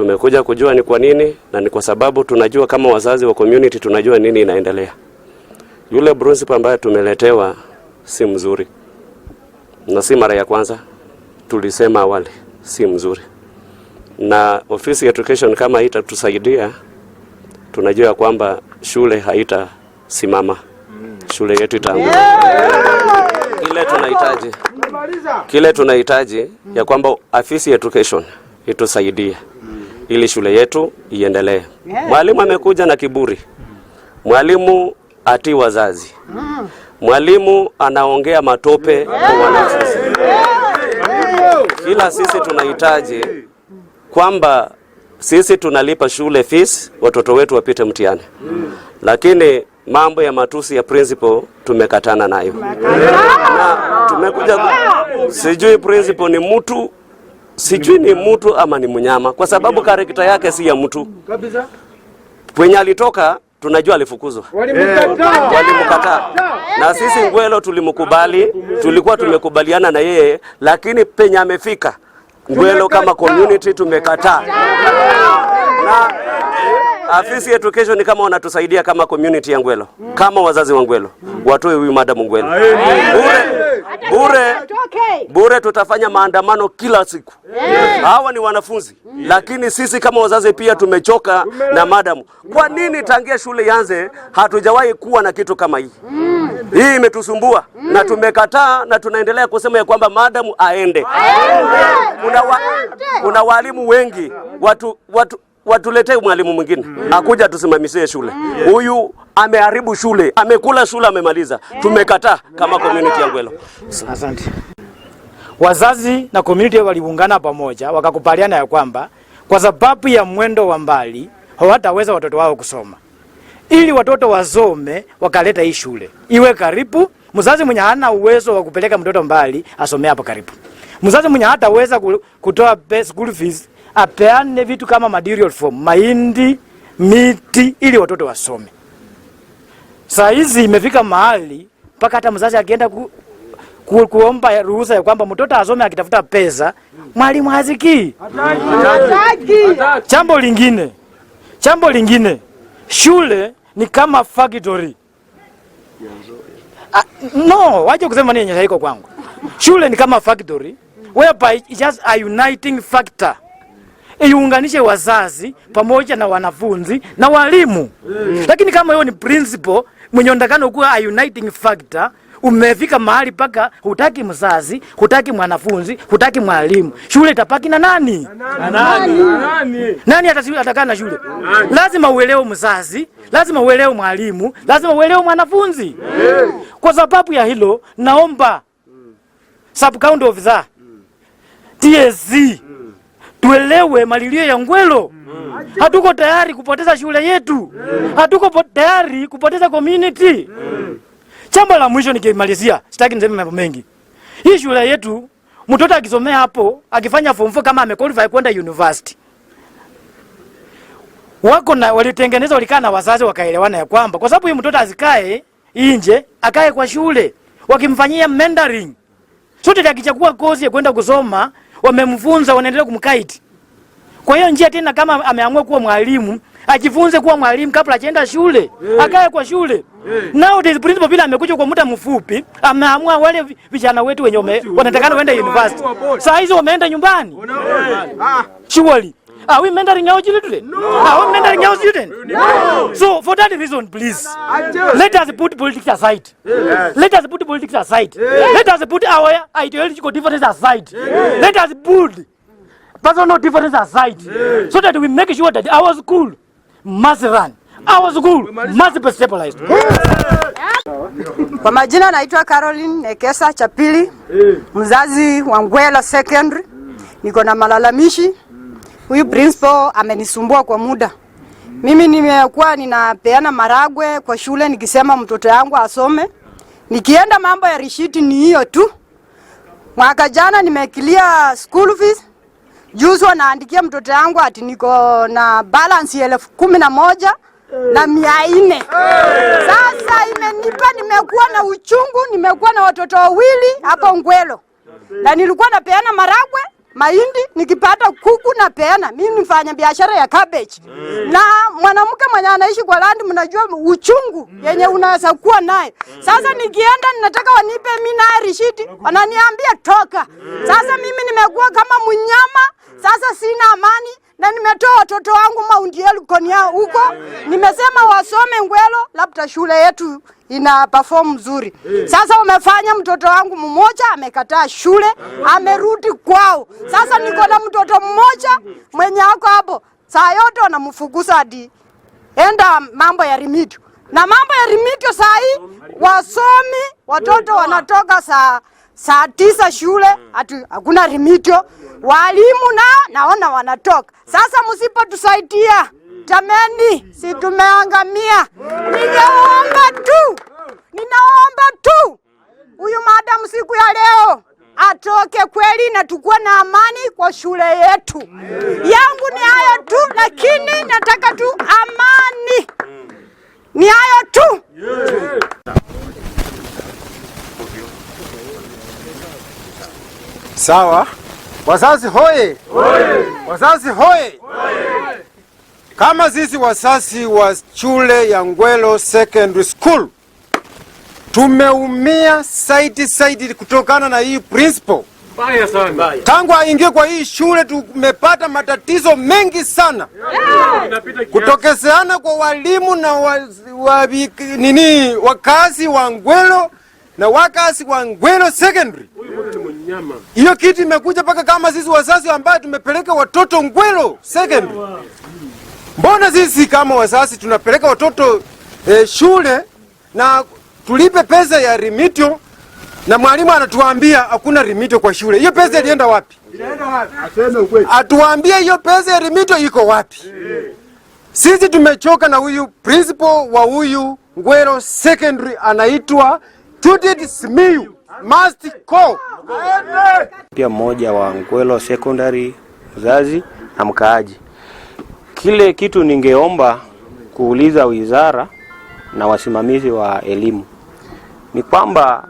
Tumekuja kujua ni kwa nini, na ni kwa sababu tunajua kama wazazi wa community, tunajua nini inaendelea. Yule principal ambaye tumeletewa si mzuri, na si mara ya kwanza, tulisema awali si mzuri, na ofisi ya education kama itatusaidia tunajua kwamba shule haitasimama, shule yetu itaanguka. Kile tunahitaji kile tunahitaji ya kwamba ofisi ya education itusaidie ili shule yetu iendelee. Mwalimu amekuja na kiburi, mwalimu atii wazazi, mm. mwalimu anaongea matope kwa wanafunzi. Kila sisi tunahitaji kwamba sisi tunalipa shule fees, watoto wetu wapite mtihani, mm. lakini mambo ya matusi ya principal tumekatana nayo na tumekuja, sijui principal ni mtu sijui ni mtu ama ni mnyama, kwa sababu karakta yake si ya mtu kabisa. Kwenye alitoka tunajua alifukuzwa, eh, walimkataa, na sisi Ngwelo tulimkubali, tulikuwa tumekubaliana na yeye, lakini penye amefika Ngwelo kama community tumekataa na Eh, afisi ni kama wanatusaidia kama community ya Ngwelo, mm. kama wazazi wa Ngwelo mm. watoe huyu madam Ngwelo bure bure bure. Tutafanya maandamano kila siku. Hawa ni wanafunzi, mm. lakini sisi kama wazazi pia tumechoka na madam. Kwa nini tangia shule ianze hatujawahi kuwa na kitu kama hii? Hii imetusumbua na tumekataa, na tunaendelea kusema ya kwamba madam aende. Kuna walimu wengi watu, watu watuletee mwalimu mwingine mm. akuja tusimamisie shule mm. huyu mm. ameharibu shule, amekula shule, amemaliza. Tumekataa kama community ya Ngwelo. Asante. Wazazi na community waliungana pamoja wakakubaliana ya kwamba kwa sababu ya mwendo wa mbali hawataweza watoto wao kusoma, ili watoto wasome wakaleta hii shule iwe karibu. Mzazi mwenye hana uwezo wa kupeleka mtoto mbali asomee hapo karibu. Mzazi mwenye hataweza kutoa school fees apeane vitu kama material form, mahindi, miti, ili watoto wasome. Saa hizi imefika mahali mpaka hata mzazi akienda ku, ku, kuomba ruhusa ya kwamba mtoto asome akitafuta pesa, mwalimu hazikii. Jambo lingine, jambo lingine, shule ni kama factory. Uh, no, waje kusema nini haiko kwangu. Shule ni kama factory whereby it just a uniting factor iunganishe wazazi pamoja na wanafunzi na walimu mm. Lakini kama hiyo ni principle mwenye ndakano kuwa a uniting factor, umefika mahali paka hutaki mzazi, hutaki mwanafunzi, hutaki mwalimu, shule itapaki na nani? Na nani? Na nani? Nani atakaa na shule? Lazima uelewe mzazi, lazima uelewe mwalimu, lazima uelewe mwanafunzi yeah. Kwa sababu ya hilo naomba mm. sub county officer mm. TSC tuelewe malilio ya Ngwelo. Mm. Hatuko tayari kupoteza shule yetu. Mm. Hatuko tayari kupoteza community. Mm. Jambo la mwisho nikimalizia, sitaki niseme mambo mengi. Hii shule yetu mtoto akisomea hapo, akifanya form 4 kama amequalify kwenda university. Wako na walitengeneza walikaa na wazazi wakaelewana ya kwamba kwa sababu huyu mtoto azikae nje, akae kwa shule wakimfanyia mentoring. Sote akichagua kozi ya kwenda kusoma wamemfunza, wanaendelea kumkaiti. Kwa hiyo njia tena, kama ameamua kuwa mwalimu ajifunze kuwa mwalimu kabla ajaenda shule hey. Eh. Akae kwa shule hey. Eh. Nao this principal bila amekuja kwa muda mfupi, ameamua wale vijana wetu wenye wanatakana kwenda university, saa hizo wameenda nyumbani hey. Ah. Surely Ah, are ah, we mentoring our children? No. Are we mentoring our children? No. So for that reason, please, let us put politics aside. Yes. Let us put politics aside. Yes. Let us put our ideological differences aside. Yes. Let us put personal differences aside. Yes. So that we make sure that our school must run. Our school must be stabilized. Yes. Kwa majina naitwa Caroline Nekesa Chapili, mzazi wa Ngwela Secondary. Niko na malalamishi Huyu principal amenisumbua kwa muda. Mimi nimekuwa ninapeana maragwe kwa shule nikisema mtoto yangu asome. Nikienda mambo ya rishiti ni hiyo tu. Mwaka jana nimekilia school fees. Juzi wanaandikia mtoto yangu ati niko na balance elfu kumi na moja na mia nne. Sasa imenipa, nimekuwa na uchungu, nimekuwa na watoto wawili hapo Ngwelo na nilikuwa napeana maragwe mahindi nikipata kuku na peana. Mimi nifanya biashara ya cabbage mm. na mwanamke mwenye anaishi kwa landi, mnajua uchungu mm. yenye unaweza kuwa naye mm. Sasa nikienda ninataka wanipe mimi na rishiti, wananiambia toka. Mm. Sasa mimi nimekuwa kama mnyama, mm. sasa sina amani na nimetoa watoto wangu maundielu konia huko, nimesema wasome Ngwelo, labda shule yetu ina perform mzuri. Sasa wamefanya, mtoto wangu mmoja amekataa shule, amerudi kwao. Sasa niko na mtoto mmoja mwenye ako hapo, saa yote wanamfukuza hadi enda mambo ya Rimitio, na mambo ya Rimitio saa hii wasomi watoto wanatoka saa saa tisa shule hatu mm. hakuna rimitio, walimu na naona wanatoka mm. sasa. Msipotusaidia mm. tameni, si tumeangamia. Ninaomba tu, ninaomba tu huyu madamu siku ya leo atoke kweli, na tukuwe na amani kwa shule yetu. Yangu ni hayo tu, lakini nataka tu amani. Ni hayo tu. Sawa. Wazazi hoye! Hoye! Wazazi hoye! Hoye! Kama sisi wazazi wa shule ya Ngwelo Secondary School tumeumia saidi saidi kutokana na hii principal mbaya sana. Tangu aingie kwa hii shule tumepata matatizo mengi sana yeah. Kutokeseana kwa walimu na wa, wa, nini wakazi wa Ngwelo na wakazi wa Ngwelo Secondary nyama. Hiyo kitu imekuja mpaka kama sisi wazazi ambaye tumepeleka watoto Ngwelo second. Mbona sisi kama wazazi tunapeleka watoto eh, shule na tulipe pesa ya rimitio na mwalimu anatuambia hakuna rimitio kwa shule. Hiyo pesa ilienda wapi? Ilienda wapi? Aseme ukweli. Atuambie hiyo pesa ya rimitio iko wapi? Eh, eh. Sisi tumechoka na huyu principal wa huyu Ngwelo secondary anaitwa Judith Simiyu Mastiko pia mmoja wa Nkwelo Secondary, mzazi na mkaaji. Kile kitu ningeomba kuuliza wizara na wasimamizi wa elimu ni kwamba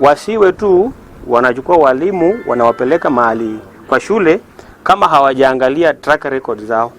wasiwe tu wanachukua walimu wanawapeleka mahali kwa shule kama hawajaangalia track record zao,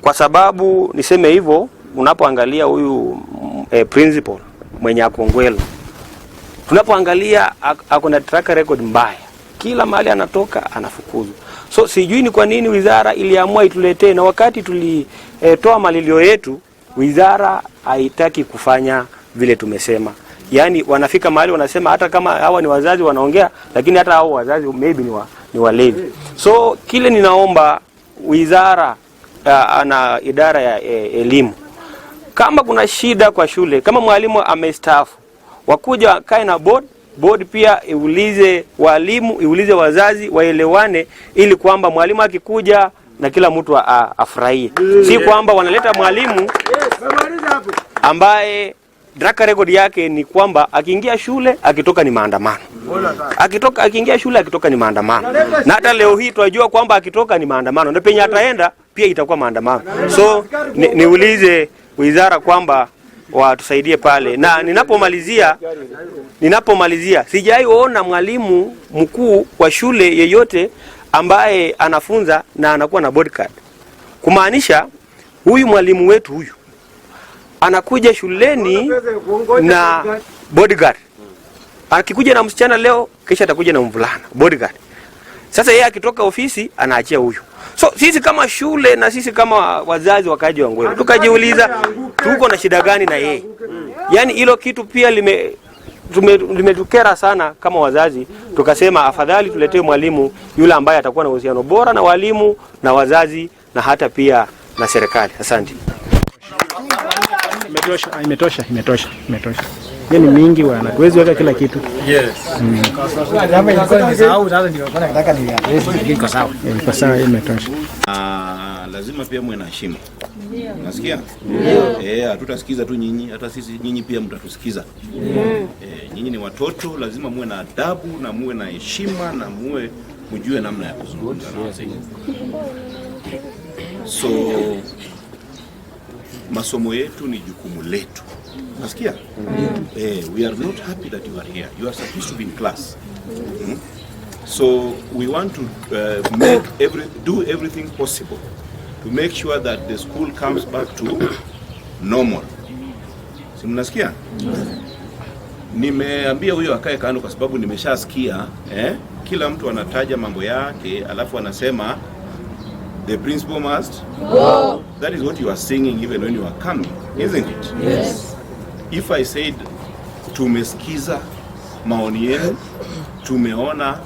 kwa sababu niseme hivyo, unapoangalia huyu eh, principal mwenye akongwelo tunapoangalia ako na track record mbaya, kila mahali anatoka anafukuzwa. So sijui ni kwa nini wizara iliamua ituletee, na wakati tulitoa eh, e, malilio yetu, wizara haitaki kufanya vile tumesema. Yaani wanafika mahali wanasema hata kama hawa ni wazazi wanaongea, lakini hata hao wazazi maybe ni, wa, ni walevi. So kile ninaomba wizara uh, na idara ya eh, elimu, kama kuna shida kwa shule, kama mwalimu amestaafu wakuja wakae na board board pia iulize walimu, iulize wazazi, waelewane ili kwamba mwalimu akikuja na kila mtu afurahie, si kwamba wanaleta mwalimu ambaye track record yake ni kwamba akiingia shule akitoka ni maandamano, akitoka akiingia shule akitoka ni maandamano. Na hata leo hii tunajua kwamba akitoka ni maandamano, na penye ataenda pia itakuwa maandamano. So niulize ni wizara kwamba watusaidie pale. Na ninapomalizia ninapomalizia, sijaiona mwalimu mkuu wa shule yeyote ambaye anafunza na anakuwa na bodyguard, kumaanisha huyu mwalimu wetu huyu anakuja shuleni na bodyguard. Akikuja na msichana leo, kisha atakuja na mvulana bodyguard. Sasa yeye akitoka ofisi anaachia huyu. So sisi kama shule na sisi kama wazazi wakaji wa Ngwelo tukajiuliza tuko na shida gani na yeye? Mm. Yaani hilo kitu pia lime limetukera sana kama wazazi, tukasema afadhali tuletee mwalimu yule ambaye atakuwa na uhusiano bora na walimu na wazazi na hata pia na serikali. Asante. Imetosha, imetosha, imetosha, imetosha ni mingi wana tuwezi weka kila kitu yes. sawa imetosha. Ah, lazima pia mwe na heshima, nasikia eh, hatutasikiza tu nyinyi, hata sisi nyinyi pia mtatusikiza mm. eh, nyinyi ni watoto, lazima muwe na adabu na muwe na heshima na muwe mjue namna ya kuzungumza so masomo yetu ni jukumu letu Nasikia? Mm. Eh, we are not happy that you are here. You are supposed to be in class. Mm. -hmm. So we want to uh, make every, do everything possible to make sure that the school comes back to normal. Si mnasikia? Mm. Nimeambia huyo akae kando kwa sababu nimeshasikia eh, kila mtu anataja mambo yake alafu anasema the principal must go. That is what you are singing even when you are coming, isn't it? Yes if I said tumesikiza maoni yenu, tumeona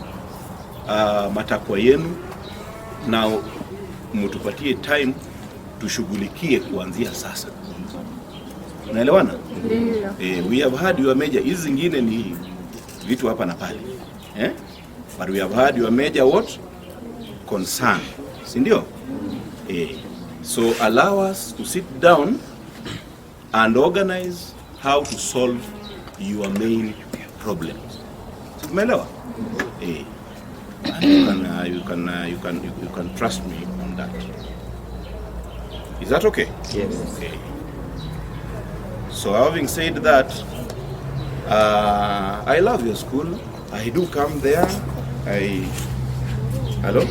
uh, matakwa yenu na mtupatie time tushughulikie kuanzia sasa. Unaelewana? Eh, we have had your major. Hizi zingine ni vitu hapa na pale eh? But we have had your major what concern, si ndio? Eh, so allow us to sit down and organize how to solve your main problem. Umeelewa? Eh. You can uh, you can uh, you can you can trust me on that. Is that okay? Yes. Okay. So having said that, uh, I love your school. I do come there. I Hello?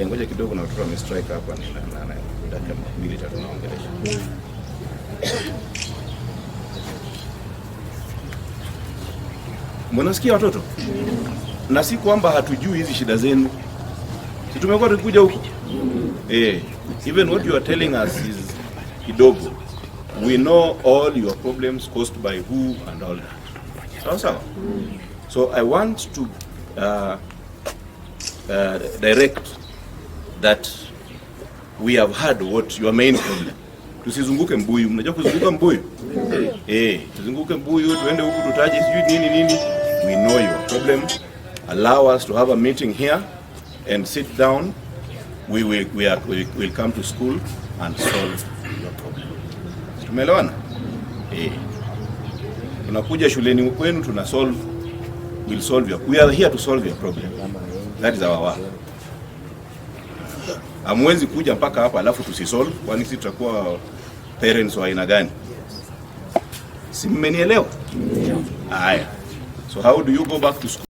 Ngoja kidogo na watoto wamestrike hapa na dakika mbili tatu naongelesha. Mwanasikia watoto, na si kwamba hatujui hizi shida zenu, si tumekuwa tukikuja huko eh. Even what you are telling us is kidogo. We know all your problems caused by who and all that. Sawa sawa. So I want to uh, uh, direct that we have heard what your main problem tusizunguke mbuyu. Mnajua kuzunguka mbuyu eh? Tuzunguke mbuyu, tuende huku, tutaje sijui nini nini. We know your problem, allow us to have a meeting here and sit down. We will, we are, we will come to school and solve your problem. Tumeelewana eh? Tunakuja shuleni kwenu, tuna solve, we'll solve your, we are here to solve your problem. That is our work. Hamwezi kuja mpaka hapa alafu tusisolve, kwani sisi tutakuwa parents wa aina gani? Si mmenielewa? Haya. So how do you go back to school?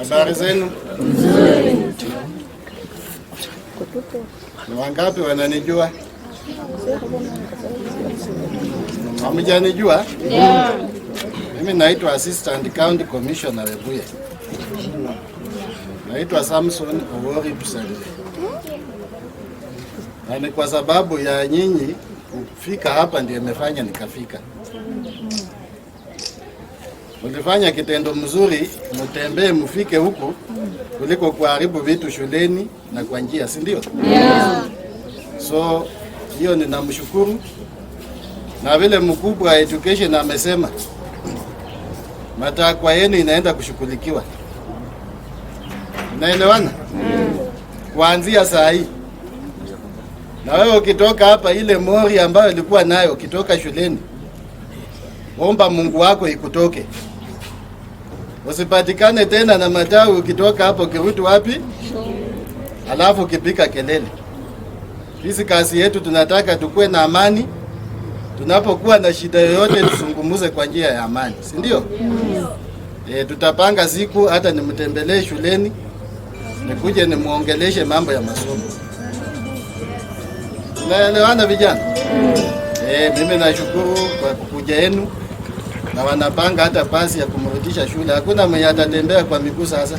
Habari zenu? Ni wangapi wananijua? Hamjanijua? Yeah. Mimi naitwa Assistant County Commissioner Webuye. Naitwa Samson Owori Busenge. Na ni kwa sababu ya nyinyi kufika hapa ndio imefanya nikafika. mulifanya kitendo mzuri, mtembee mfike huku kuliko kuharibu vitu shuleni na kwa njia, si ndio? Yeah. So hiyo ninamshukuru, na vile mkubwa wa education amesema matakwa yenu inaenda kushughulikiwa. Naelewana kuanzia saa hii, na wewe ukitoka hapa, ile mori ambayo ilikuwa nayo ukitoka shuleni, omba Mungu wako ikutoke, usipatikane tena na matawi ukitoka hapo, ukirudi wapi, alafu ukipika kelele sisi kazi yetu tunataka tukuwe na amani. Tunapokuwa na shida yoyote tuzungumuze kwa njia ya amani, si ndio? E, tutapanga siku hata nimtembelee shuleni nikuje nimuongeleshe mambo ya masomo. Tunaelewana vijana? E, mimi nashukuru kwa kuja yenu na wanapanga hata pasi ya kumrudisha shule. Hakuna mwenye atatembea kwa miguu sasa,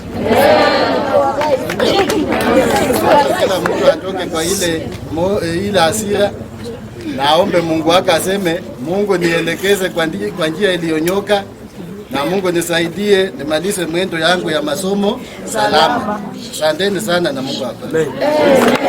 kila mtu atoke kwa ile, mo, eh, ile asira naombe Mungu wake aseme, Mungu nielekeze kwa njia iliyonyoka, na Mungu nisaidie nimalize mwendo yangu ya masomo salama. Asanteni sana na Mungu abariki.